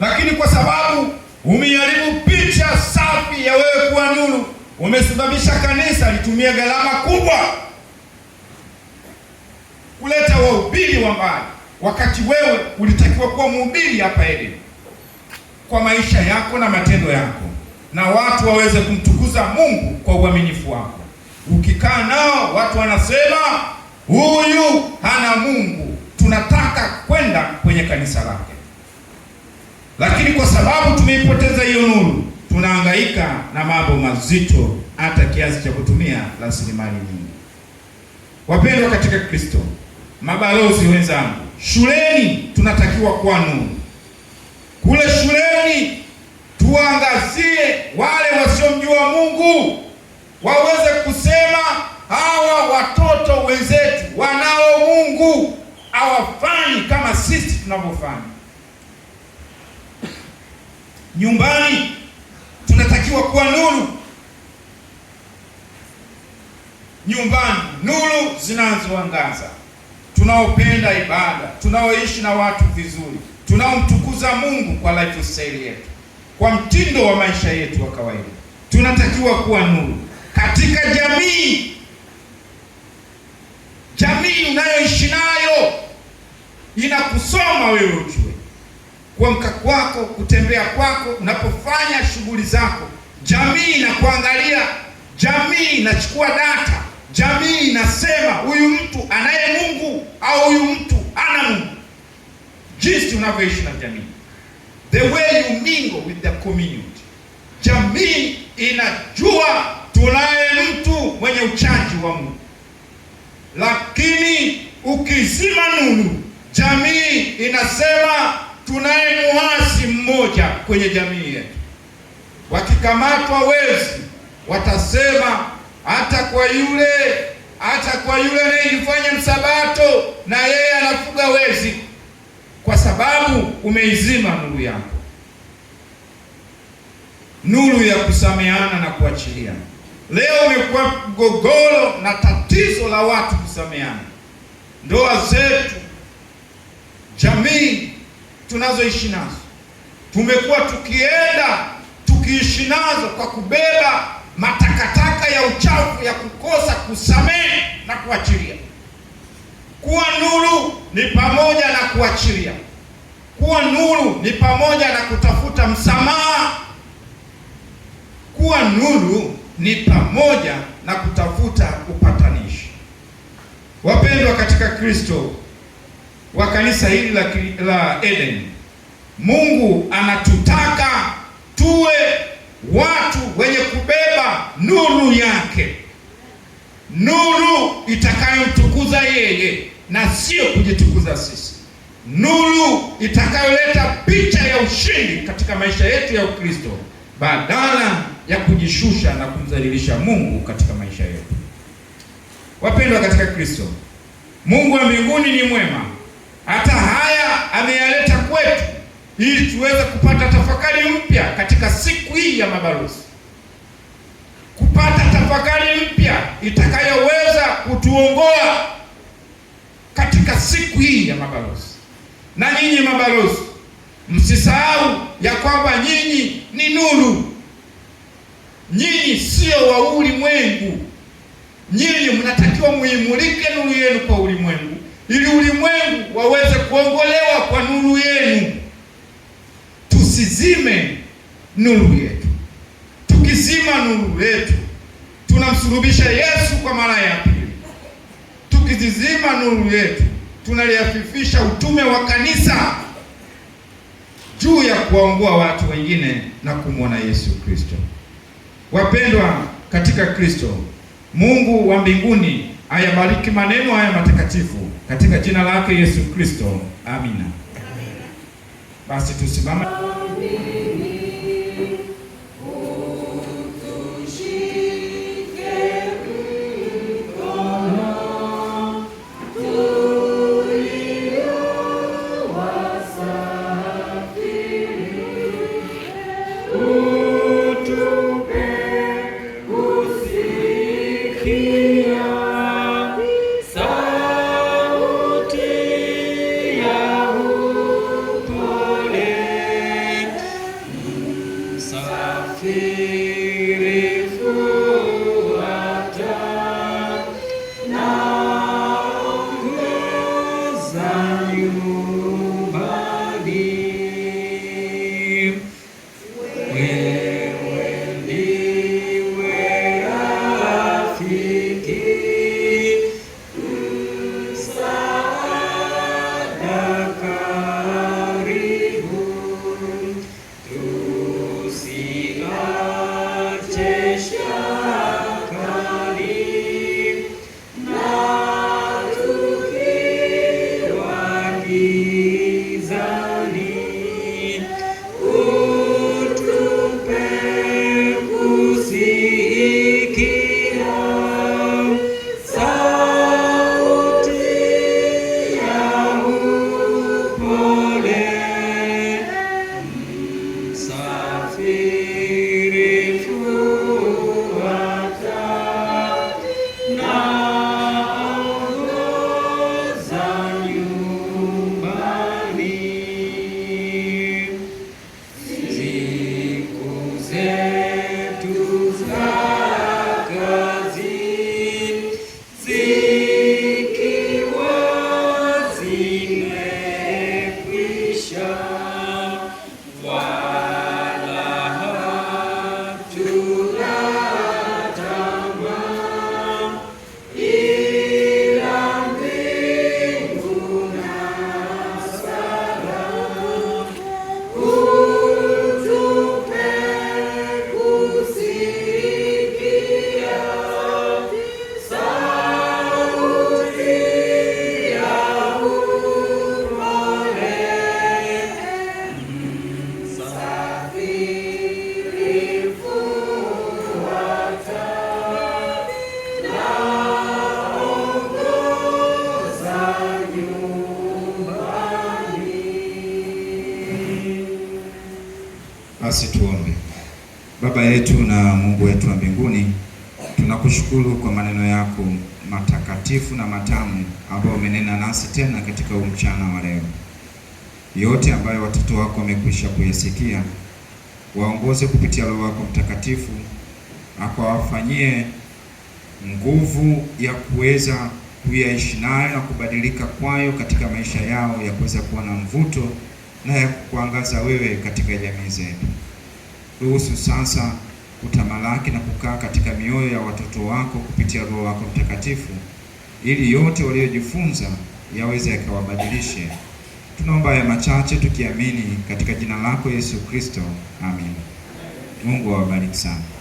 lakini kwa sababu umeiharibu picha safi ya wewe kuwa nuru, umesababisha kanisa litumie gharama kubwa kuleta wahubiri wa mbali, wakati wewe ulitakiwa kuwa mhubiri hapa Edeni kwa maisha yako na matendo yako, na watu waweze kumtukuza Mungu kwa uaminifu wako. Ukikaa nao watu wanasema huyu hana Mungu. Tunataka kwenda kwenye kanisa lake. Lakini kwa sababu tumeipoteza hiyo nuru, tunahangaika na mambo mazito hata kiasi cha kutumia rasilimali nyingi. Wapendwa katika Kristo, mabalozi wenzangu, shuleni tunatakiwa kuwa nuru. Kule shuleni tuangazie wale wasiomjua Mungu waweze kusema hawa watoto wenzetu wanao Mungu, hawafanyi kama sisi tunavyofanya nyumbani, tunatakiwa kuwa nuru nyumbani, nuru zinazoangaza, tunaopenda ibada, tunaoishi na watu vizuri, tunaomtukuza Mungu kwa lifestyle yetu, kwa mtindo wa maisha yetu wa kawaida. Tunatakiwa kuwa nuru katika jamii, jamii unayoishi nayo inakusoma wewe ukiwa kuamka kwako, kutembea kwako, unapofanya shughuli zako, jamii inakuangalia, jamii inachukua data, jamii inasema huyu mtu anaye Mungu au huyu mtu ana Mungu. Jinsi unavyoishi na jamii, the way you mingle with the community, jamii inajua tunaye mtu mwenye uchaji wa Mungu, lakini ukizima nuru, jamii inasema tunaye muasi mmoja kwenye jamii yetu. Wakikamatwa wezi, watasema hata kwa yule hata kwa yule anayejifanya msabato na yeye anafuga wezi, kwa sababu umeizima nuru yako, nuru ya kusameana na kuachilia. Leo umekuwa mgogoro na tatizo la watu kusameana, ndoa zetu, jamii tunazoishi nazo, tumekuwa tukienda tukiishi nazo kwa kubeba matakataka ya uchafu ya kukosa kusamehe na kuachilia. Kuwa nuru ni pamoja na kuachilia. Kuwa nuru ni pamoja na kutafuta msamaha. Kuwa nuru ni pamoja na kutafuta upatanishi. Wapendwa katika Kristo, wa kanisa hili la, la Eden. Mungu anatutaka tuwe watu wenye kubeba nuru yake, nuru itakayomtukuza yeye na sio kujitukuza sisi, nuru itakayoleta picha ya ushindi katika maisha yetu ya Ukristo badala ya kujishusha na kumdhalilisha Mungu katika maisha yetu. Wapendwa katika Kristo, Mungu wa mbinguni ni mwema hata haya ameyaleta kwetu ili tuweze kupata tafakari mpya katika siku hii ya mabalozi, kupata tafakari mpya itakayoweza kutuongoa katika siku hii ya mabalozi. Na nyinyi mabalozi, msisahau ya kwamba nyinyi ni nuru, nyinyi sio wa ulimwengu, nyinyi mnatakiwa muimulike nuru yenu kwa ulimwengu ili ulimwengu waweze kuongolewa kwa nuru yenu. Tusizime nuru yetu. Tukizima nuru yetu, tunamsulubisha Yesu kwa mara ya pili. Tukizizima nuru yetu, tunaliafifisha utume wa kanisa juu ya kuwaongoa watu wengine na kumwona Yesu Kristo. Wapendwa katika Kristo, Mungu wa mbinguni ayabariki maneno haya matakatifu katika jina lake Yesu Kristo, amina. Basi tusimame. Spirit. Basi tuombe. Baba yetu na Mungu wetu wa mbinguni, tunakushukuru kwa maneno yako matakatifu na matamu ambayo umenena nasi tena katika umchana wa leo. Yote ambayo watoto wako wamekwisha kuyasikia, waongoze kupitia Roho wako Mtakatifu, akawafanyie nguvu ya kuweza kuyaishi nayo na kubadilika kwayo katika maisha yao ya kuweza kuwa na mvuto na ya kukuangaza wewe katika jamii zetu. Ruhusu sasa kutamalaki na kukaa katika mioyo ya watoto wako kupitia Roho wako Mtakatifu, ili yote waliojifunza yaweze yakawabadilishe. Tunaomba haya machache tukiamini katika jina lako Yesu Kristo, amin. Mungu awabariki sana.